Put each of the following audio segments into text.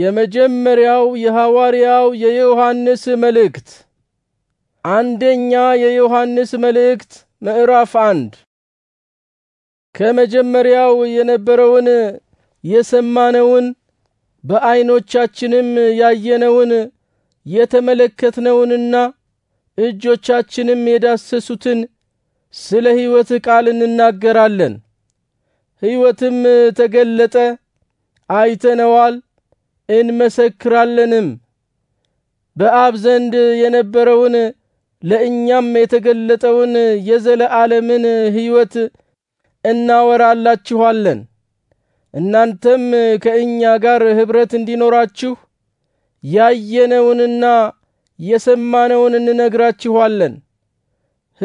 የመጀመሪያው የሐዋርያው የዮሐንስ መልእክት አንደኛ የዮሐንስ መልእክት ምዕራፍ አንድ ከመጀመሪያው የነበረውን የሰማነውን በዐይኖቻችንም ያየነውን የተመለከትነውንና እጆቻችንም የዳሰሱትን ስለ ሕይወት ቃል እንናገራለን። ሕይወትም ተገለጠ፣ አይተነዋል እንመሰክራለንም በአብ ዘንድ የነበረውን ለእኛም የተገለጠውን የዘለ ዓለምን ሕይወት እናወራላችኋለን። እናንተም ከእኛ ጋር ኅብረት እንዲኖራችሁ ያየነውንና የሰማነውን እንነግራችኋለን።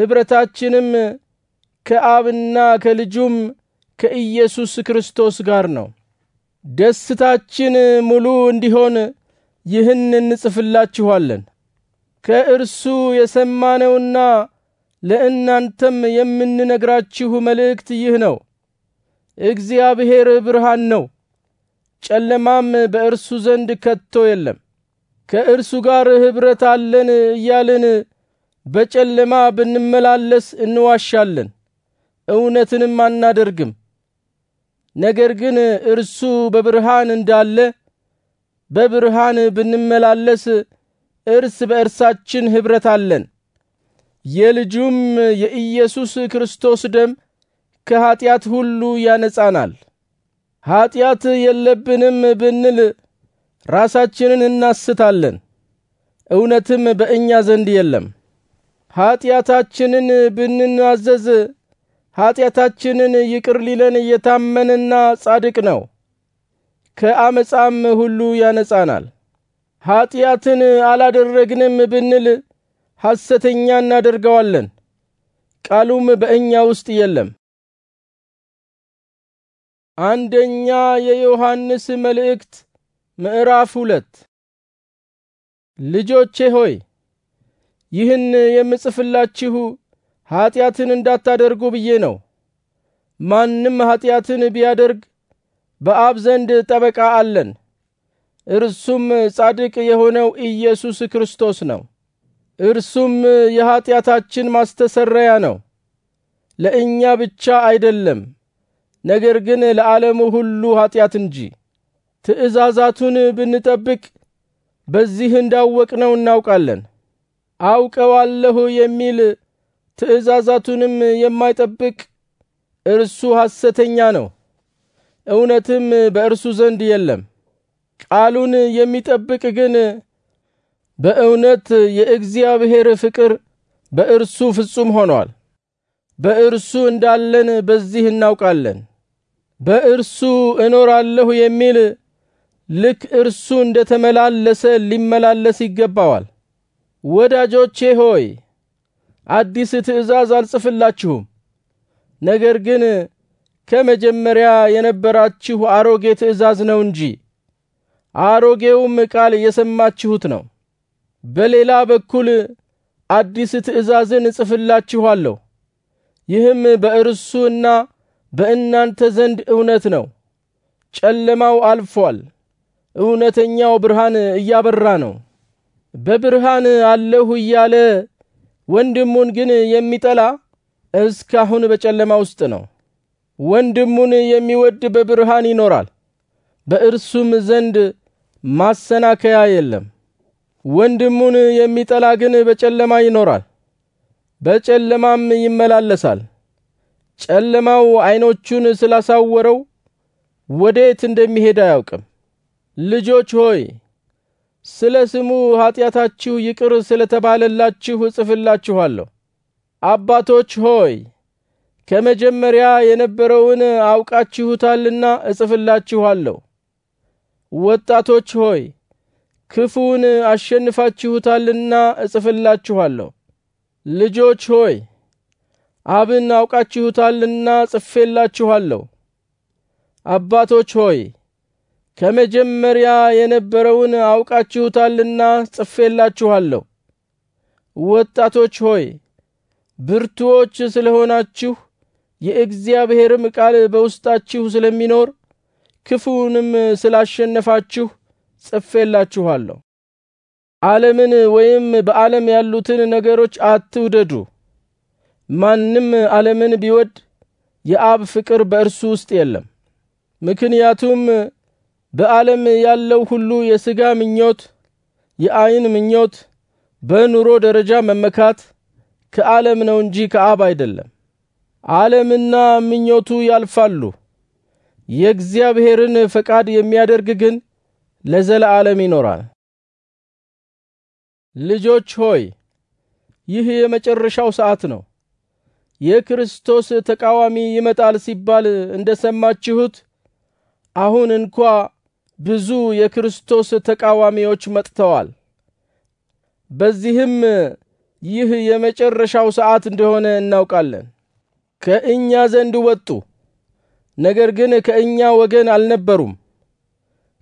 ኅብረታችንም ከአብና ከልጁም ከኢየሱስ ክርስቶስ ጋር ነው። ደስታችን ሙሉ እንዲሆን ይህን እንጽፍላችኋለን። ከእርሱ የሰማነውና ለእናንተም የምንነግራችሁ መልእክት ይህ ነው። እግዚአብሔር ብርሃን ነው፣ ጨለማም በእርሱ ዘንድ ከቶ የለም። ከእርሱ ጋር ኅብረት አለን እያልን በጨለማ ብንመላለስ እንዋሻለን፣ እውነትንም አናደርግም። ነገር ግን እርሱ በብርሃን እንዳለ በብርሃን ብንመላለስ እርስ በእርሳችን ኅብረት አለን። የልጁም የኢየሱስ ክርስቶስ ደም ከኀጢአት ሁሉ ያነጻናል። ኀጢአት የለብንም ብንል ራሳችንን እናስታለን፣ እውነትም በእኛ ዘንድ የለም። ኀጢአታችንን ብንናዘዝ ኀጢአታችንን ይቅር ሊለን እየታመንና ጻድቅ ነው፣ ከአመፃም ሁሉ ያነጻናል። ኀጢአትን አላደረግንም ብንል ሐሰተኛ እናደርገዋለን፣ ቃሉም በእኛ ውስጥ የለም። አንደኛ የዮሐንስ መልእክት ምዕራፍ ሁለት ልጆቼ ሆይ ይህን የምጽፍላችሁ ኀጢአትን እንዳታደርጉ ብዬ ነው። ማንም ኀጢአትን ቢያደርግ በአብ ዘንድ ጠበቃ አለን፣ እርሱም ጻድቅ የሆነው ኢየሱስ ክርስቶስ ነው። እርሱም የኀጢአታችን ማስተሰረያ ነው፣ ለእኛ ብቻ አይደለም፣ ነገር ግን ለዓለሙ ሁሉ ኀጢአት እንጂ። ትእዛዛቱን ብንጠብቅ በዚህ እንዳወቅነው እናውቃለን። አውቀዋለሁ የሚል ትእዛዛቱንም የማይጠብቅ እርሱ ሐሰተኛ ነው፣ እውነትም በእርሱ ዘንድ የለም። ቃሉን የሚጠብቅ ግን በእውነት የእግዚአብሔር ፍቅር በእርሱ ፍጹም ሆኗል። በእርሱ እንዳለን በዚህ እናውቃለን። በእርሱ እኖራለሁ የሚል ልክ እርሱ እንደ ተመላለሰ ሊመላለስ ይገባዋል። ወዳጆቼ ሆይ አዲስ ትእዛዝ አልጽፍላችሁም፣ ነገር ግን ከመጀመሪያ የነበራችሁ አሮጌ ትእዛዝ ነው እንጂ አሮጌውም ቃል የሰማችሁት ነው። በሌላ በኩል አዲስ ትእዛዝን እጽፍላችኋለሁ፣ ይህም በእርሱ እና በእናንተ ዘንድ እውነት ነው። ጨለማው አልፏል፣ እውነተኛው ብርሃን እያበራ ነው። በብርሃን አለሁ እያለ ወንድሙን ግን የሚጠላ እስካሁን በጨለማ ውስጥ ነው። ወንድሙን የሚወድ በብርሃን ይኖራል፣ በእርሱም ዘንድ ማሰናከያ የለም። ወንድሙን የሚጠላ ግን በጨለማ ይኖራል፣ በጨለማም ይመላለሳል። ጨለማው ዐይኖቹን ስላሳወረው ወዴት እንደሚሄድ አያውቅም። ልጆች ሆይ ስለ ስሙ ኀጢአታችሁ ይቅር ስለ ተባለላችሁ እጽፍላችኋለሁ። አባቶች ሆይ ከመጀመሪያ የነበረውን አውቃችሁታልና እጽፍላችኋለሁ። ወጣቶች ሆይ ክፉን አሸንፋችሁታልና እጽፍላችኋለሁ። ልጆች ሆይ አብን አውቃችሁታልና ጽፌላችኋለሁ። አባቶች ሆይ ከመጀመሪያ የነበረውን አውቃችሁታልና ጽፌላችኋለሁ። ወጣቶች ሆይ ብርቱዎች ስለሆናችሁ የእግዚአብሔርም ቃል በውስጣችሁ ስለሚኖር ክፉውንም ስላሸነፋችሁ ጽፌላችኋለሁ። ዓለምን ወይም በዓለም ያሉትን ነገሮች አትውደዱ። ማንም ዓለምን ቢወድ የአብ ፍቅር በእርሱ ውስጥ የለም። ምክንያቱም በዓለም ያለው ሁሉ የሥጋ ምኞት፣ የአይን ምኞት፣ በኑሮ ደረጃ መመካት ከዓለም ነው እንጂ ከአብ አይደለም። ዓለምና ምኞቱ ያልፋሉ። የእግዚአብሔርን ፈቃድ የሚያደርግ ግን ለዘለዓለም ይኖራል። ልጆች ሆይ ይህ የመጨረሻው ሰዓት ነው። የክርስቶስ ተቃዋሚ ይመጣል ሲባል እንደሰማችሁት አሁን እንኳ ብዙ የክርስቶስ ተቃዋሚዎች መጥተዋል። በዚህም ይህ የመጨረሻው ሰዓት እንደሆነ እናውቃለን። ከእኛ ዘንድ ወጡ፣ ነገር ግን ከእኛ ወገን አልነበሩም።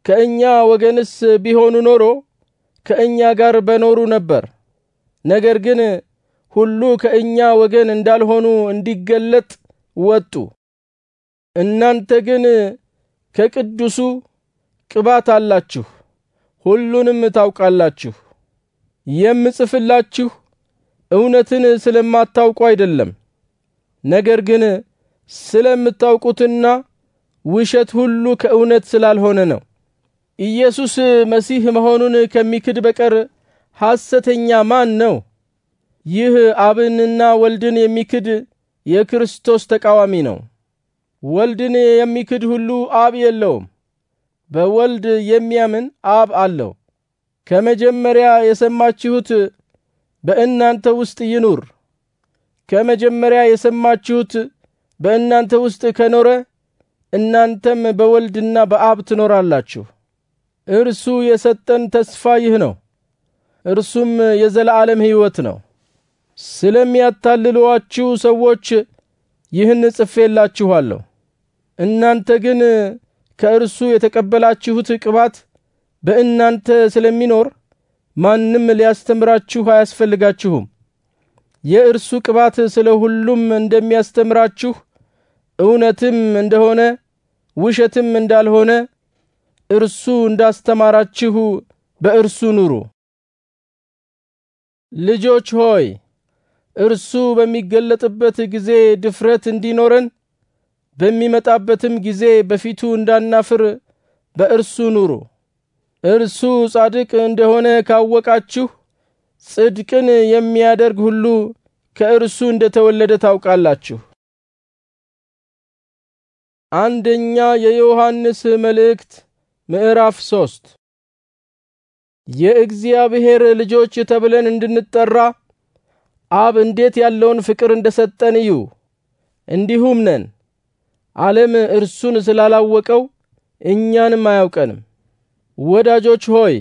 ከእኛ ወገንስ ቢሆኑ ኖሮ ከእኛ ጋር በኖሩ ነበር። ነገር ግን ሁሉ ከእኛ ወገን እንዳልሆኑ እንዲገለጥ ወጡ። እናንተ ግን ከቅዱሱ ቅባት አላችሁ፣ ሁሉንም ታውቃላችሁ። የምጽፍላችሁ እውነትን ስለማታውቁ አይደለም፣ ነገር ግን ስለምታውቁትና ውሸት ሁሉ ከእውነት ስላልሆነ ነው። ኢየሱስ መሲህ መሆኑን ከሚክድ በቀር ሐሰተኛ ማን ነው? ይህ አብንና ወልድን የሚክድ የክርስቶስ ተቃዋሚ ነው። ወልድን የሚክድ ሁሉ አብ የለውም። በወልድ የሚያምን አብ አለው። ከመጀመሪያ የሰማችሁት በእናንተ ውስጥ ይኑር። ከመጀመሪያ የሰማችሁት በእናንተ ውስጥ ከኖረ እናንተም በወልድና በአብ ትኖራላችሁ። እርሱ የሰጠን ተስፋ ይህ ነው። እርሱም የዘላለም ሕይወት ነው። ስለሚያታልሏችሁ ሰዎች ይህን ጽፌላችኋለሁ። እናንተ ግን ከእርሱ የተቀበላችሁት ቅባት በእናንተ ስለሚኖር ማንም ሊያስተምራችሁ አያስፈልጋችሁም። የእርሱ ቅባት ስለ ሁሉም እንደሚያስተምራችሁ እውነትም እንደሆነ ውሸትም እንዳልሆነ እርሱ እንዳስተማራችሁ በእርሱ ኑሩ። ልጆች ሆይ እርሱ በሚገለጥበት ጊዜ ድፍረት እንዲኖረን በሚመጣበትም ጊዜ በፊቱ እንዳናፍር በእርሱ ኑሩ። እርሱ ጻድቅ እንደሆነ ካወቃችሁ ጽድቅን የሚያደርግ ሁሉ ከእርሱ እንደተወለደ ታውቃላችሁ። አንደኛ የዮሐንስ መልእክት ምዕራፍ ሶስት የእግዚአብሔር ልጆች ተብለን እንድንጠራ አብ እንዴት ያለውን ፍቅር እንደሰጠን እዩ። እንዲሁም ነን። ዓለም እርሱን ስላላወቀው እኛንም አያውቀንም። ወዳጆች ሆይ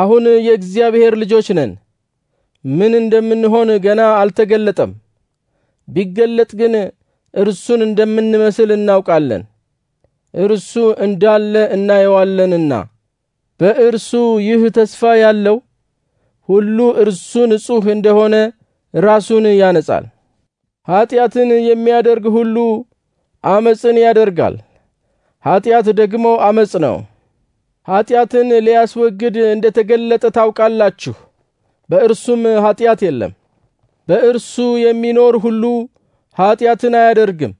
አሁን የእግዚአብሔር ልጆች ነን። ምን እንደምንሆን ገና አልተገለጠም። ቢገለጥ ግን እርሱን እንደምንመስል እናውቃለን፣ እርሱ እንዳለ እናየዋለንና። በእርሱ ይህ ተስፋ ያለው ሁሉ እርሱ ንጹሕ እንደሆነ ራሱን ያነጻል። ኀጢአትን የሚያደርግ ሁሉ አመፅን ያደርጋል፣ ኀጢአት ደግሞ አመፅ ነው። ኀጢአትን ሊያስወግድ እንደ ተገለጠ ታውቃላችሁ፣ በእርሱም ኀጢአት የለም። በእርሱ የሚኖር ሁሉ ኀጢአትን አያደርግም።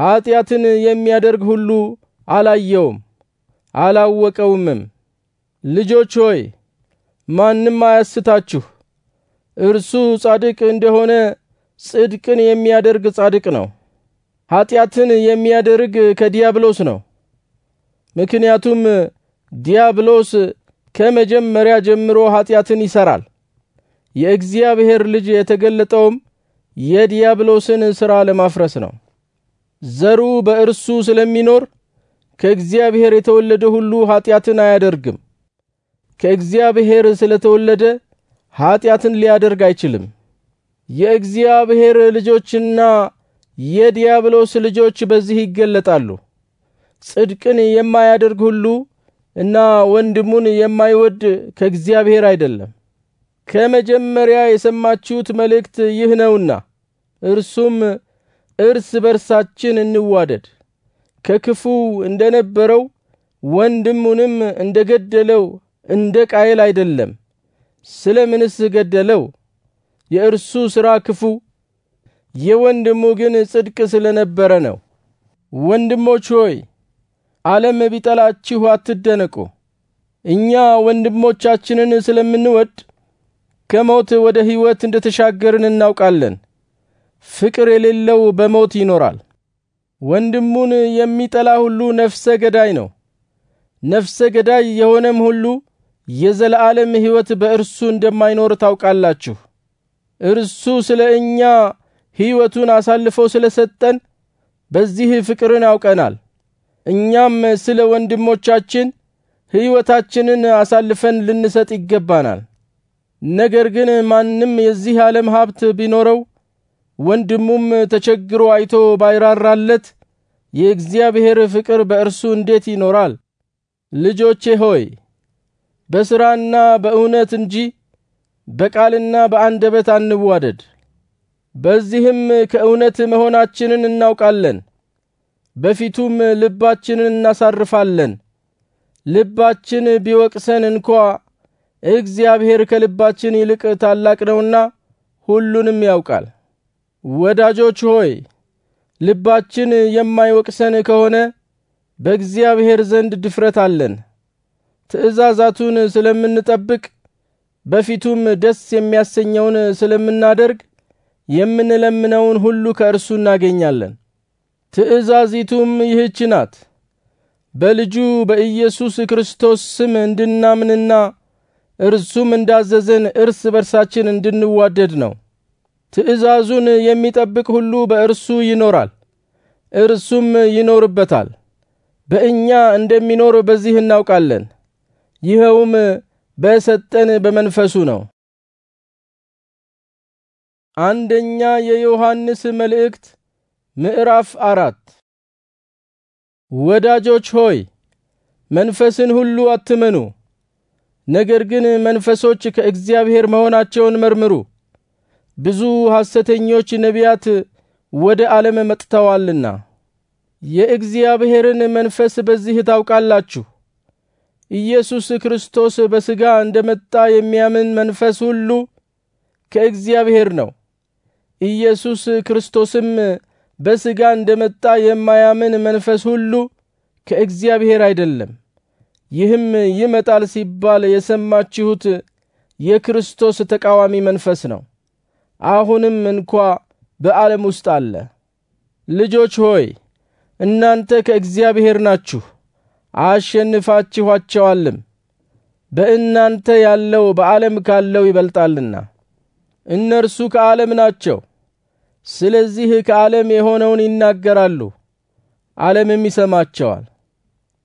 ኀጢአትን የሚያደርግ ሁሉ አላየውም አላወቀውምም። ልጆች ሆይ ማንም አያስታችሁ። እርሱ ጻድቅ እንደሆነ ጽድቅን የሚያደርግ ጻድቅ ነው። ኀጢአትን የሚያደርግ ከዲያብሎስ ነው። ምክንያቱም ዲያብሎስ ከመጀመሪያ ጀምሮ ኀጢአትን ይሰራል። የእግዚአብሔር ልጅ የተገለጠውም የዲያብሎስን ሥራ ለማፍረስ ነው። ዘሩ በእርሱ ስለሚኖር ከእግዚአብሔር የተወለደ ሁሉ ኀጢአትን አያደርግም። ከእግዚአብሔር ስለተወለደ ኀጢአትን ሊያደርግ አይችልም። የእግዚአብሔር ልጆችና የዲያብሎስ ልጆች በዚህ ይገለጣሉ። ጽድቅን የማያደርግ ሁሉ እና ወንድሙን የማይወድ ከእግዚአብሔር አይደለም። ከመጀመሪያ የሰማችሁት መልእክት ይህ ነውና እርሱም እርስ በርሳችን እንዋደድ፣ ከክፉው እንደ ነበረው ወንድሙንም እንደ ገደለው እንደ ቃየል አይደለም። ስለ ምንስ ገደለው? የእርሱ ሥራ ክፉ የወንድሙ ግን ጽድቅ ስለነበረ ነው። ወንድሞች ሆይ ዓለም ቢጠላችሁ አትደነቁ። እኛ ወንድሞቻችንን ስለምንወድ ከሞት ወደ ሕይወት እንደተሻገርን እናውቃለን። ፍቅር የሌለው በሞት ይኖራል። ወንድሙን የሚጠላ ሁሉ ነፍሰ ገዳይ ነው። ነፍሰ ገዳይ የሆነም ሁሉ የዘለዓለም ሕይወት በእርሱ እንደማይኖር ታውቃላችሁ። እርሱ ስለ እኛ ሕይወቱን አሳልፎ ስለ ሰጠን በዚህ ፍቅርን አውቀናል። እኛም ስለ ወንድሞቻችን ሕይወታችንን አሳልፈን ልንሰጥ ይገባናል። ነገር ግን ማንም የዚህ ዓለም ሀብት ቢኖረው ወንድሙም ተቸግሮ አይቶ ባይራራለት የእግዚአብሔር ፍቅር በእርሱ እንዴት ይኖራል? ልጆቼ ሆይ በስራና በእውነት እንጂ በቃልና በአንደበት አንዋደድ። በዚህም ከእውነት መሆናችንን እናውቃለን፣ በፊቱም ልባችንን እናሳርፋለን። ልባችን ቢወቅሰን እንኳ እግዚአብሔር ከልባችን ይልቅ ታላቅ ነውና ሁሉንም ያውቃል። ወዳጆች ሆይ ልባችን የማይወቅሰን ከሆነ በእግዚአብሔር ዘንድ ድፍረት አለን። ትእዛዛቱን ስለምንጠብቅ በፊቱም ደስ የሚያሰኘውን ስለምናደርግ የምንለምነውን ሁሉ ከእርሱ እናገኛለን። ትእዛዚቱም ይህች ናት፣ በልጁ በኢየሱስ ክርስቶስ ስም እንድናምንና እርሱም እንዳዘዘን እርስ በርሳችን እንድንዋደድ ነው። ትእዛዙን የሚጠብቅ ሁሉ በእርሱ ይኖራል፣ እርሱም ይኖርበታል። በእኛ እንደሚኖር በዚህ እናውቃለን። ይኸውም በሰጠን በመንፈሱ ነው። አንደኛ የዮሐንስ መልእክት ምዕራፍ አራት ወዳጆች ሆይ መንፈስን ሁሉ አትመኑ፣ ነገር ግን መንፈሶች ከእግዚአብሔር መሆናቸውን መርምሩ፣ ብዙ ሐሰተኞች ነቢያት ወደ ዓለም መጥተዋልና። የእግዚአብሔርን መንፈስ በዚህ ታውቃላችሁ። ኢየሱስ ክርስቶስ በሥጋ እንደመጣ የሚያምን መንፈስ ሁሉ ከእግዚአብሔር ነው። ኢየሱስ ክርስቶስም በሥጋ እንደመጣ የማያምን መንፈስ ሁሉ ከእግዚአብሔር አይደለም። ይህም ይመጣል ሲባል የሰማችሁት የክርስቶስ ተቃዋሚ መንፈስ ነው። አሁንም እንኳ በዓለም ውስጥ አለ። ልጆች ሆይ እናንተ ከእግዚአብሔር ናችሁ፣ አሸንፋችኋቸዋልም። በእናንተ ያለው በዓለም ካለው ይበልጣልና። እነርሱ ከዓለም ናቸው ስለዚህ ከዓለም የሆነውን ይናገራሉ፣ ዓለምም ይሰማቸዋል።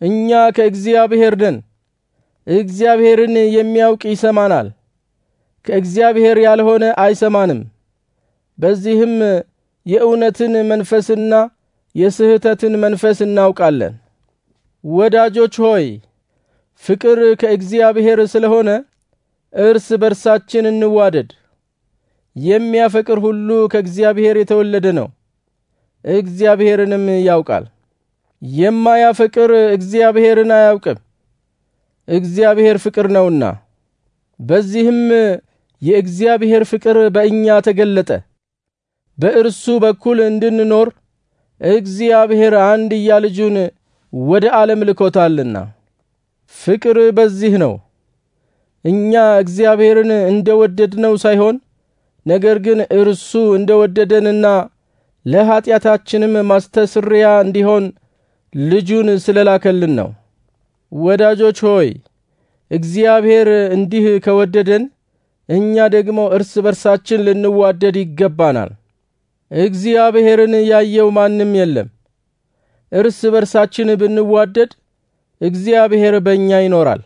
እኛ ከእግዚአብሔር ነን፣ እግዚአብሔርን የሚያውቅ ይሰማናል። ከእግዚአብሔር ያልሆነ አይሰማንም። በዚህም የእውነትን መንፈስና የስህተትን መንፈስ እናውቃለን። ወዳጆች ሆይ ፍቅር ከእግዚአብሔር ስለሆነ እርስ በርሳችን እንዋደድ። የሚያፈቅር ሁሉ ከእግዚአብሔር የተወለደ ነው፣ እግዚአብሔርንም ያውቃል። የማያፈቅር እግዚአብሔርን አያውቅም፣ እግዚአብሔር ፍቅር ነውና። በዚህም የእግዚአብሔር ፍቅር በእኛ ተገለጠ፣ በእርሱ በኩል እንድንኖር እግዚአብሔር አንድያ ልጁን ወደ ዓለም ልኮታልና። ፍቅር በዚህ ነው፣ እኛ እግዚአብሔርን እንደ ወደድነው ሳይሆን ነገር ግን እርሱ እንደ ወደደንና ለኀጢአታችንም ማስተስሪያ እንዲሆን ልጁን ላከልን ነው። ወዳጆች ሆይ እግዚአብሔር እንዲህ ከወደደን እኛ ደግሞ እርስ በርሳችን ልንዋደድ ይገባናል። እግዚአብሔርን ያየው ማንም የለም። እርስ በርሳችን ብንዋደድ እግዚአብሔር በእኛ ይኖራል፣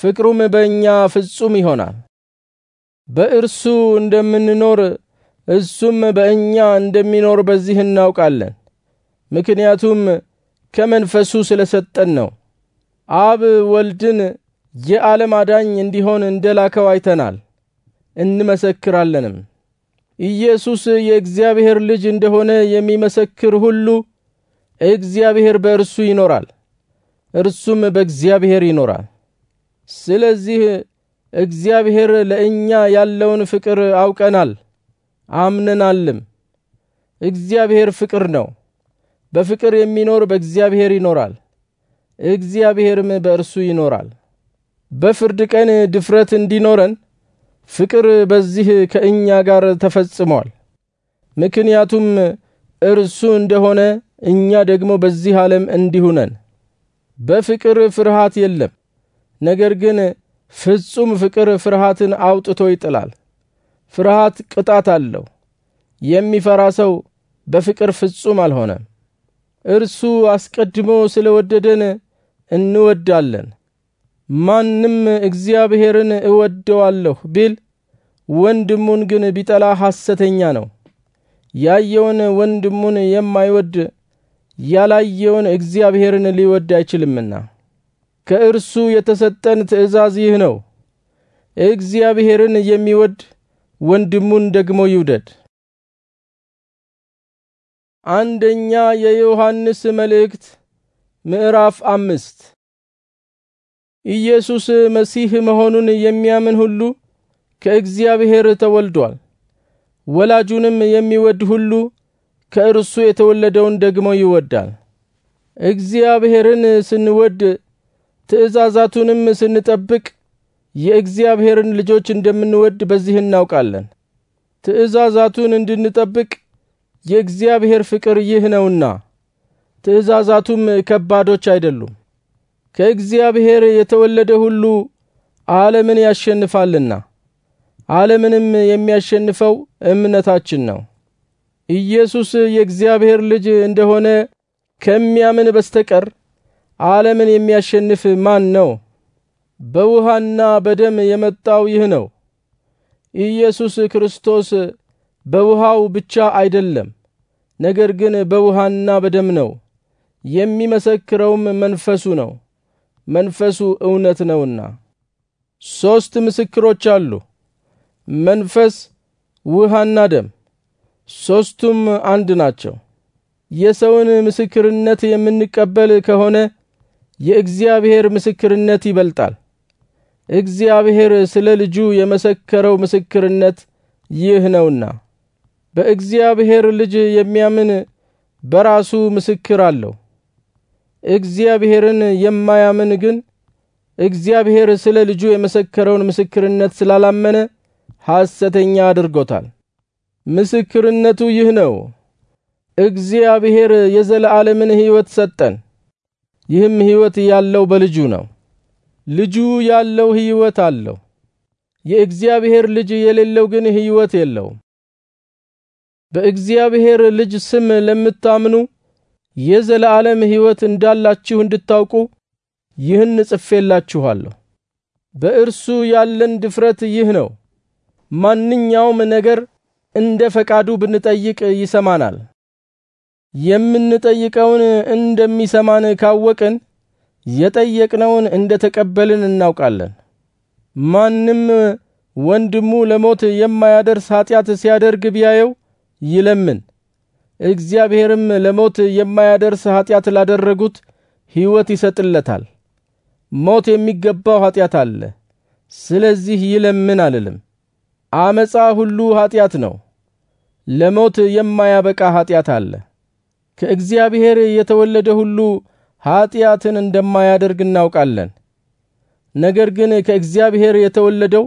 ፍቅሩም በእኛ ፍጹም ይሆናል። በእርሱ እንደምንኖር እሱም በእኛ እንደሚኖር በዚህ እናውቃለን። ምክንያቱም ከመንፈሱ ስለ ሰጠን ነው። አብ ወልድን የዓለም አዳኝ እንዲሆን እንደ ላከው አይተናል እንመሰክራለንም። ኢየሱስ የእግዚአብሔር ልጅ እንደሆነ የሚመሰክር ሁሉ እግዚአብሔር በእርሱ ይኖራል፣ እርሱም በእግዚአብሔር ይኖራል። ስለዚህ እግዚአብሔር ለእኛ ያለውን ፍቅር አውቀናል አምነናልም። እግዚአብሔር ፍቅር ነው። በፍቅር የሚኖር በእግዚአብሔር ይኖራል፣ እግዚአብሔርም በእርሱ ይኖራል። በፍርድ ቀን ድፍረት እንዲኖረን ፍቅር በዚህ ከእኛ ጋር ተፈጽሟል። ምክንያቱም እርሱ እንደሆነ እኛ ደግሞ በዚህ ዓለም እንዲሁ ነን። በፍቅር ፍርሃት የለም። ነገር ግን ፍጹም ፍቅር ፍርሃትን አውጥቶ ይጥላል። ፍርሃት ቅጣት አለው። የሚፈራ ሰው በፍቅር ፍጹም አልሆነም። እርሱ አስቀድሞ ስለ ወደደን እንወዳለን። ማንም እግዚአብሔርን እወደዋለሁ ቢል ወንድሙን ግን ቢጠላ ሐሰተኛ ነው። ያየውን ወንድሙን የማይወድ ያላየውን እግዚአብሔርን ሊወድ አይችልምና። ከእርሱ የተሰጠን ትእዛዝ ይህ ነው፣ እግዚአብሔርን የሚወድ ወንድሙን ደግሞ ይውደድ። አንደኛ የዮሐንስ መልእክት ምዕራፍ አምስት ኢየሱስ መሲህ መሆኑን የሚያምን ሁሉ ከእግዚአብሔር ተወልዷል። ወላጁንም የሚወድ ሁሉ ከእርሱ የተወለደውን ደግሞ ይወዳል። እግዚአብሔርን ስንወድ ትእዛዛቱንም ስንጠብቅ የእግዚአብሔርን ልጆች እንደምንወድ በዚህ እናውቃለን። ትእዛዛቱን እንድንጠብቅ የእግዚአብሔር ፍቅር ይህ ነውና፣ ትእዛዛቱም ከባዶች አይደሉም። ከእግዚአብሔር የተወለደ ሁሉ ዓለምን ያሸንፋልና፣ ዓለምንም የሚያሸንፈው እምነታችን ነው። ኢየሱስ የእግዚአብሔር ልጅ እንደሆነ ከሚያምን በስተቀር ዓለምን የሚያሸንፍ ማን ነው? በውሃና በደም የመጣው ይህ ነው። ኢየሱስ ክርስቶስ በውሃው ብቻ አይደለም፣ ነገር ግን በውሃና በደም ነው። የሚመሰክረውም መንፈሱ ነው፣ መንፈሱ እውነት ነውና። ሶስት ምስክሮች አሉ፣ መንፈስ፣ ውሃና ደም። ሶስቱም አንድ ናቸው። የሰውን ምስክርነት የምንቀበል ከሆነ የእግዚአብሔር ምስክርነት ይበልጣል። እግዚአብሔር ስለ ልጁ የመሰከረው ምስክርነት ይህ ነውና፣ በእግዚአብሔር ልጅ የሚያምን በራሱ ምስክር አለው። እግዚአብሔርን የማያምን ግን እግዚአብሔር ስለ ልጁ የመሰከረውን ምስክርነት ስላላመነ ሐሰተኛ አድርጎታል። ምስክርነቱ ይህ ነው፣ እግዚአብሔር የዘለዓለምን ሕይወት ሰጠን። ይህም ሕይወት ያለው በልጁ ነው። ልጁ ያለው ሕይወት አለው። የእግዚአብሔር ልጅ የሌለው ግን ሕይወት የለውም። በእግዚአብሔር ልጅ ስም ለምታምኑ የዘላለም ሕይወት እንዳላችሁ እንድታውቁ ይህን ጽፌላችኋለሁ። በእርሱ ያለን ድፍረት ይህ ነው፤ ማንኛውም ነገር እንደ ፈቃዱ ብንጠይቅ ይሰማናል። የምንጠይቀውን እንደሚሰማን ካወቅን የጠየቅነውን እንደ ተቀበልን እናውቃለን። ማንም ወንድሙ ለሞት የማያደርስ ኀጢአት ሲያደርግ ቢያየው ይለምን፣ እግዚአብሔርም ለሞት የማያደርስ ኀጢአት ላደረጉት ሕይወት ይሰጥለታል። ሞት የሚገባው ኀጢአት አለ፣ ስለዚህ ይለምን አልልም። አመፃ ሁሉ ኀጢአት ነው። ለሞት የማያበቃ ኀጢአት አለ። ከእግዚአብሔር የተወለደ ሁሉ ኀጢአትን እንደማያደርግ እናውቃለን። ነገር ግን ከእግዚአብሔር የተወለደው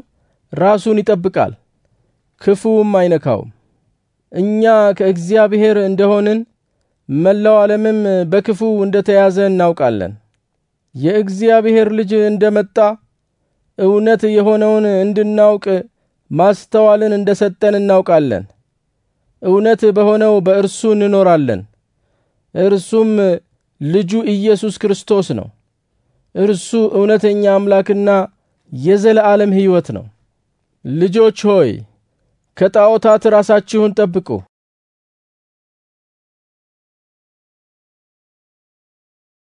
ራሱን ይጠብቃል፣ ክፉውም አይነካውም። እኛ ከእግዚአብሔር እንደሆንን መላው ዓለምም በክፉ እንደተያዘ እናውቃለን። የእግዚአብሔር ልጅ እንደመጣ እውነት የሆነውን እንድናውቅ ማስተዋልን እንደሰጠን እናውቃለን። እውነት በሆነው በእርሱ እንኖራለን። እርሱም ልጁ ኢየሱስ ክርስቶስ ነው። እርሱ እውነተኛ አምላክና የዘለዓለም ሕይወት ነው። ልጆች ሆይ ከጣዖታት ራሳችሁን ጠብቁ።